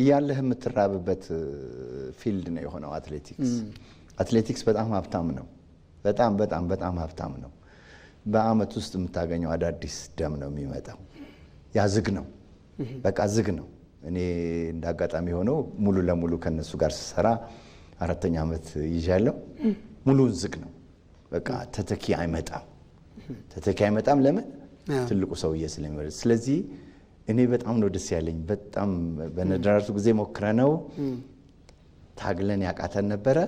እያለህ የምትራብበት ፊልድ ነው የሆነው አትሌቲክስ። አትሌቲክስ በጣም ሀብታም ነው። በጣም በጣም በጣም ሀብታም ነው። በአመት ውስጥ የምታገኘው አዳዲስ ደም ነው የሚመጣው። ያ ዝግ ነው፣ በቃ ዝግ ነው። እኔ እንደ አጋጣሚ ሆነው ሙሉ ለሙሉ ከነሱ ጋር ስሰራ አራተኛ ዓመት ይዣለሁ። ሙሉውን ዝግ ነው፣ በቃ ተተኪ አይመጣም። ተተኪ አይመጣም። ለምን? ትልቁ ሰውዬ ስለሚወደ ስለዚህ እኔ በጣም ነው ደስ ያለኝ። በጣም በነደራርቱ ጊዜ ሞክረ ነው። ታግለን ያቃተን ነበረ።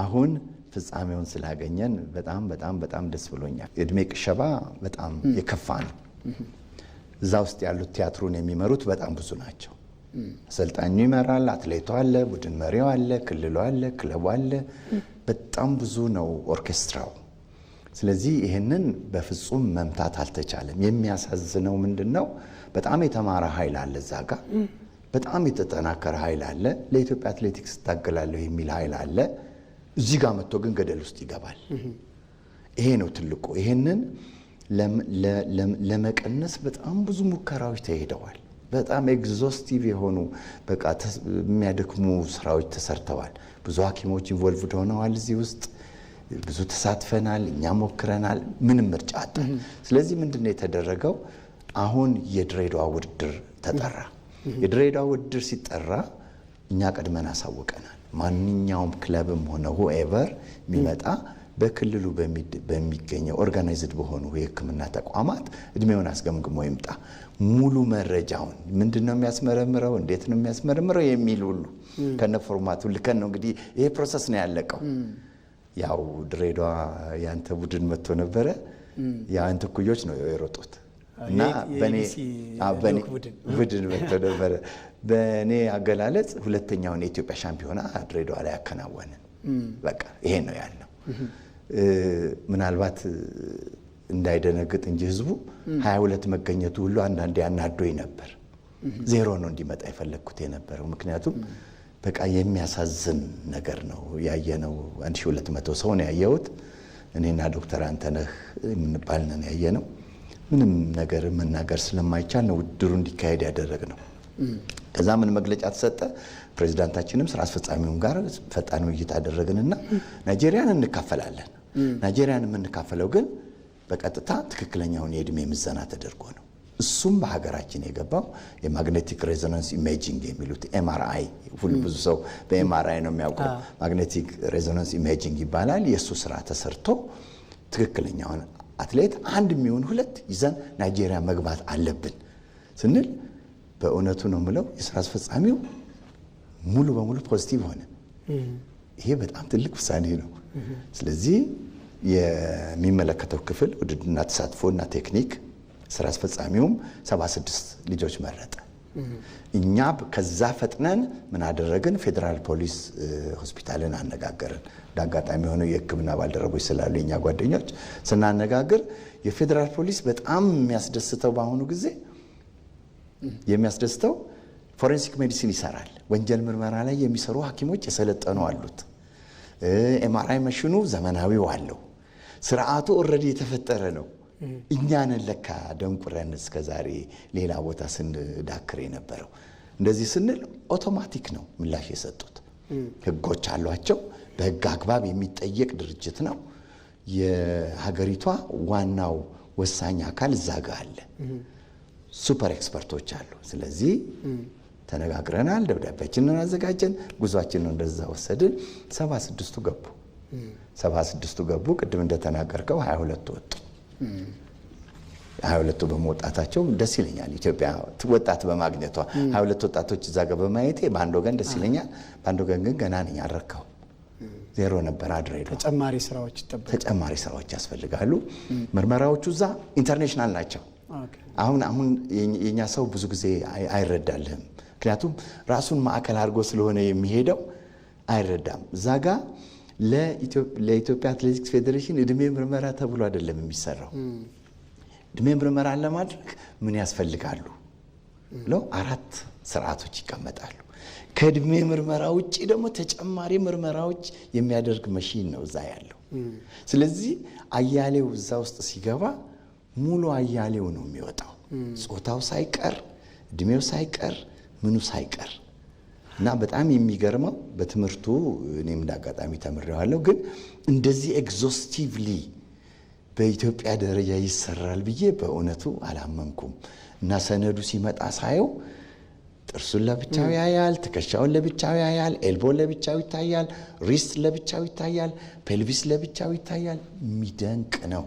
አሁን ፍጻሜውን ስላገኘን በጣም በጣም በጣም ደስ ብሎኛል። እድሜ ቅሸባ በጣም የከፋ ነው። እዛ ውስጥ ያሉት ቲያትሩን የሚመሩት በጣም ብዙ ናቸው። አሰልጣኙ ይመራል፣ አትሌቱ አለ፣ ቡድን መሪው አለ፣ ክልሉ አለ፣ ክለቡ አለ። በጣም ብዙ ነው ኦርኬስትራው ስለዚህ ይህንን በፍጹም መምታት አልተቻለም። የሚያሳዝነው ምንድን ነው? በጣም የተማረ ኃይል አለ እዛ ጋር፣ በጣም የተጠናከረ ኃይል አለ። ለኢትዮጵያ አትሌቲክስ እታገላለሁ የሚል ኃይል አለ። እዚህ ጋር መጥቶ ግን ገደል ውስጥ ይገባል። ይሄ ነው ትልቁ። ይሄንን ለመቀነስ በጣም ብዙ ሙከራዎች ተሄደዋል። በጣም ኤግዞስቲቭ የሆኑ በቃ የሚያደክሙ ስራዎች ተሰርተዋል። ብዙ ሐኪሞች ኢንቮልቭድ ሆነዋል እዚህ ውስጥ ብዙ ተሳትፈናል፣ እኛ ሞክረናል፣ ምንም ምርጫ አጣ። ስለዚህ ምንድን ነው የተደረገው? አሁን የድሬዳዋ ውድድር ተጠራ። የድሬዳዋ ውድድር ሲጠራ እኛ ቀድመን አሳውቀናል። ማንኛውም ክለብም ሆነ ሁኤቨር የሚመጣ በክልሉ በሚገኘው ኦርጋናይዝድ በሆኑ የሕክምና ተቋማት እድሜውን አስገምግሞ ይምጣ። ሙሉ መረጃውን ምንድን ነው የሚያስመረምረው፣ እንዴት ነው የሚያስመረምረው የሚል ሁሉ ከነ ፎርማቱ ልከን ነው እንግዲህ ይሄ ፕሮሰስ ነው ያለቀው። ያው ድሬዳዋ የአንተ ቡድን መጥቶ ነበረ። የአንተ ኩዮች ነው የሮጡት እና ቡድን መጥቶ ነበረ። በእኔ አገላለጽ ሁለተኛውን የኢትዮጵያ ሻምፒዮና ድሬዳዋ ላይ ያከናወንን። በቃ ይሄን ነው ያለው። ምናልባት እንዳይደነግጥ እንጂ ህዝቡ ሀያ ሁለት መገኘቱ ሁሉ አንዳንዴ ያናዶኝ ነበር። ዜሮ ነው እንዲመጣ የፈለግኩት የነበረው ምክንያቱም በቃ የሚያሳዝን ነገር ነው ያየነው። 1200 ሰው ነው ያየሁት። እኔና ዶክተር አንተነህ የምንባል ነን ያየነው። ምንም ነገር መናገር ስለማይቻል ነው ውድድሩ እንዲካሄድ ያደረግ ነው። ከዛ ምን መግለጫ ተሰጠ። ፕሬዚዳንታችንም ስራ አስፈጻሚውም ጋር ፈጣን ውይይት አደረግንና ናይጄሪያን እንካፈላለን። ናይጄሪያን የምንካፈለው ግን በቀጥታ ትክክለኛውን የእድሜ ምዘና ተደርጎ ነው። እሱም በሀገራችን የገባው የማግኔቲክ ሬዞናንስ ኢሜጂንግ የሚሉት ኤምአርአይ፣ ሁሉ ብዙ ሰው በኤምአርአይ ነው የሚያውቀው። ማግኔቲክ ሬዞናንስ ኢሜጂንግ ይባላል። የእሱ ስራ ተሰርቶ ትክክለኛውን አትሌት አንድ የሚሆን ሁለት ይዘን ናይጄሪያ መግባት አለብን ስንል በእውነቱ ነው የምለው የስራ አስፈጻሚው ሙሉ በሙሉ ፖዚቲቭ ሆነ። ይሄ በጣም ትልቅ ውሳኔ ነው። ስለዚህ የሚመለከተው ክፍል ውድድና ተሳትፎና ቴክኒክ ስራ አስፈጻሚውም 76 ልጆች መረጠ። እኛ ከዛ ፈጥነን ምን አደረግን? ፌዴራል ፖሊስ ሆስፒታልን አነጋገርን። አጋጣሚ የሆኑ የሕክምና ባልደረቦች ስላሉ የኛ ጓደኞች ስናነጋግር የፌዴራል ፖሊስ በጣም የሚያስደስተው በአሁኑ ጊዜ የሚያስደስተው ፎሬንሲክ ሜዲሲን ይሰራል። ወንጀል ምርመራ ላይ የሚሰሩ ሐኪሞች የሰለጠኑ አሉት። ኤምአርአይ መሽኑ ዘመናዊው አለው። ስርዓቱ ኦልሬዲ የተፈጠረ ነው። እኛንን ለካ ደንቁረን እስከ ዛሬ ሌላ ቦታ ስንዳክር የነበረው። እንደዚህ ስንል ኦቶማቲክ ነው ምላሽ የሰጡት። ህጎች አሏቸው። በህግ አግባብ የሚጠየቅ ድርጅት ነው። የሀገሪቷ ዋናው ወሳኝ አካል እዛ ጋ አለ። ሱፐር ኤክስፐርቶች አሉ። ስለዚህ ተነጋግረናል፣ ደብዳቤያችንን አዘጋጀን፣ ጉዟችንን እንደዛ ወሰድን። ሰባ ስድስቱ ገቡ ሰባ ስድስቱ ገቡ። ቅድም እንደተናገርከው ሀያ ሁለቱ ወጡ። ሀያ ሁለቱ በመውጣታቸው ደስ ይለኛል። ኢትዮጵያ ወጣት በማግኘቷ ሀያ ሁለት ወጣቶች እዛ ጋር በማየቴ በአንድ ወገን ደስ ይለኛል፣ በአንድ ወገን ግን ገና ነኝ፣ አልረካው ዜሮ ነበር አድሬ ተጨማሪ ስራዎች ተጨማሪ ስራዎች ያስፈልጋሉ። ምርመራዎቹ እዛ ኢንተርኔሽናል ናቸው። አሁን አሁን የእኛ ሰው ብዙ ጊዜ አይረዳልህም፣ ምክንያቱም ራሱን ማዕከል አድርጎ ስለሆነ የሚሄደው አይረዳም እዛ ጋር ለኢትዮጵያ አትሌቲክስ ፌዴሬሽን እድሜ ምርመራ ተብሎ አይደለም የሚሰራው። እድሜ ምርመራ ለማድረግ ምን ያስፈልጋሉ ብለው አራት ስርዓቶች ይቀመጣሉ። ከእድሜ ምርመራ ውጭ ደግሞ ተጨማሪ ምርመራዎች የሚያደርግ መሽን ነው እዛ ያለው። ስለዚህ አያሌው እዛ ውስጥ ሲገባ ሙሉ አያሌው ነው የሚወጣው፣ ጾታው ሳይቀር እድሜው ሳይቀር ምኑ ሳይቀር እና በጣም የሚገርመው በትምህርቱ እኔም እንዳጋጣሚ ተምሬዋለሁ፣ ግን እንደዚህ ኤግዞስቲቭሊ በኢትዮጵያ ደረጃ ይሰራል ብዬ በእውነቱ አላመንኩም። እና ሰነዱ ሲመጣ ሳየው ጥርሱን ለብቻው ያያል፣ ትከሻውን ለብቻው ያያል፣ ኤልቦን ለብቻው ይታያል፣ ሪስት ለብቻው ይታያል፣ ፔልቪስ ለብቻው ይታያል። የሚደንቅ ነው።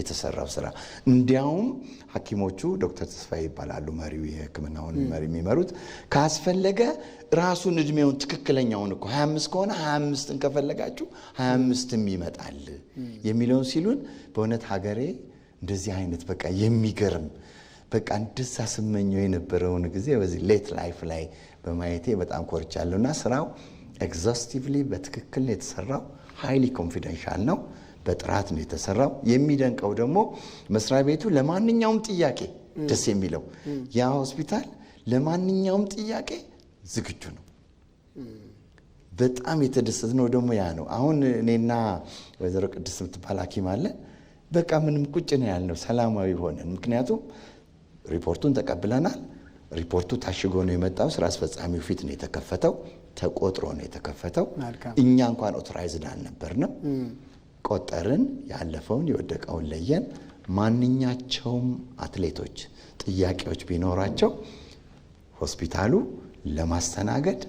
የተሰራው ስራ እንዲያውም ሐኪሞቹ ዶክተር ተስፋዬ ይባላሉ፣ መሪው የሕክምናውን መሪ የሚመሩት ካስፈለገ ራሱን እድሜውን ትክክለኛውን እኮ 25 ከሆነ 25ን ከፈለጋችሁ 25ም ይመጣል የሚለውን ሲሉን በእውነት ሀገሬ እንደዚህ አይነት በቃ የሚገርም በቃ እንደዛ ስመኘው የነበረውን ጊዜ በዚህ ሌት ላይፍ ላይ በማየቴ በጣም ኮርቻለሁ እና ስራው ኤግዛስቲቭሊ በትክክል የተሰራው ሃይሊ ኮንፊደንሻል ነው። በጥራት ነው የተሰራው። የሚደንቀው ደግሞ መስሪያ ቤቱ ለማንኛውም ጥያቄ ደስ የሚለው ያ ሆስፒታል ለማንኛውም ጥያቄ ዝግጁ ነው። በጣም የተደሰት ነው ደግሞ ያ ነው። አሁን እኔና ወይዘሮ ቅድስት የምትባል ሐኪም አለ በቃ ምንም ቁጭ ነው ያልነው ሰላማዊ ሆነን። ምክንያቱም ሪፖርቱን ተቀብለናል። ሪፖርቱ ታሽጎ ነው የመጣው። ስራ አስፈጻሚው ፊት ነው የተከፈተው፣ ተቆጥሮ ነው የተከፈተው። እኛ እንኳን ኦቶራይዝድ አልነበርንም። ቆጠርን፣ ያለፈውን የወደቀውን ለየን። ማንኛቸውም አትሌቶች ጥያቄዎች ቢኖራቸው ሆስፒታሉ ለማስተናገድ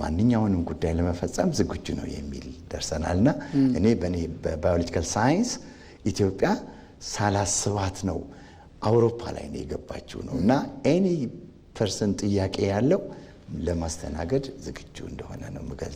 ማንኛውንም ጉዳይ ለመፈጸም ዝግጁ ነው የሚል ደርሰናልና እኔ በእኔ በባዮሎጂካል ሳይንስ ኢትዮጵያ ሳላስባት ነው አውሮፓ ላይ ነው የገባችው ነው እና ኤኒ ፐርሰን ጥያቄ ያለው ለማስተናገድ ዝግጁ እንደሆነ ነው የምገልጸው።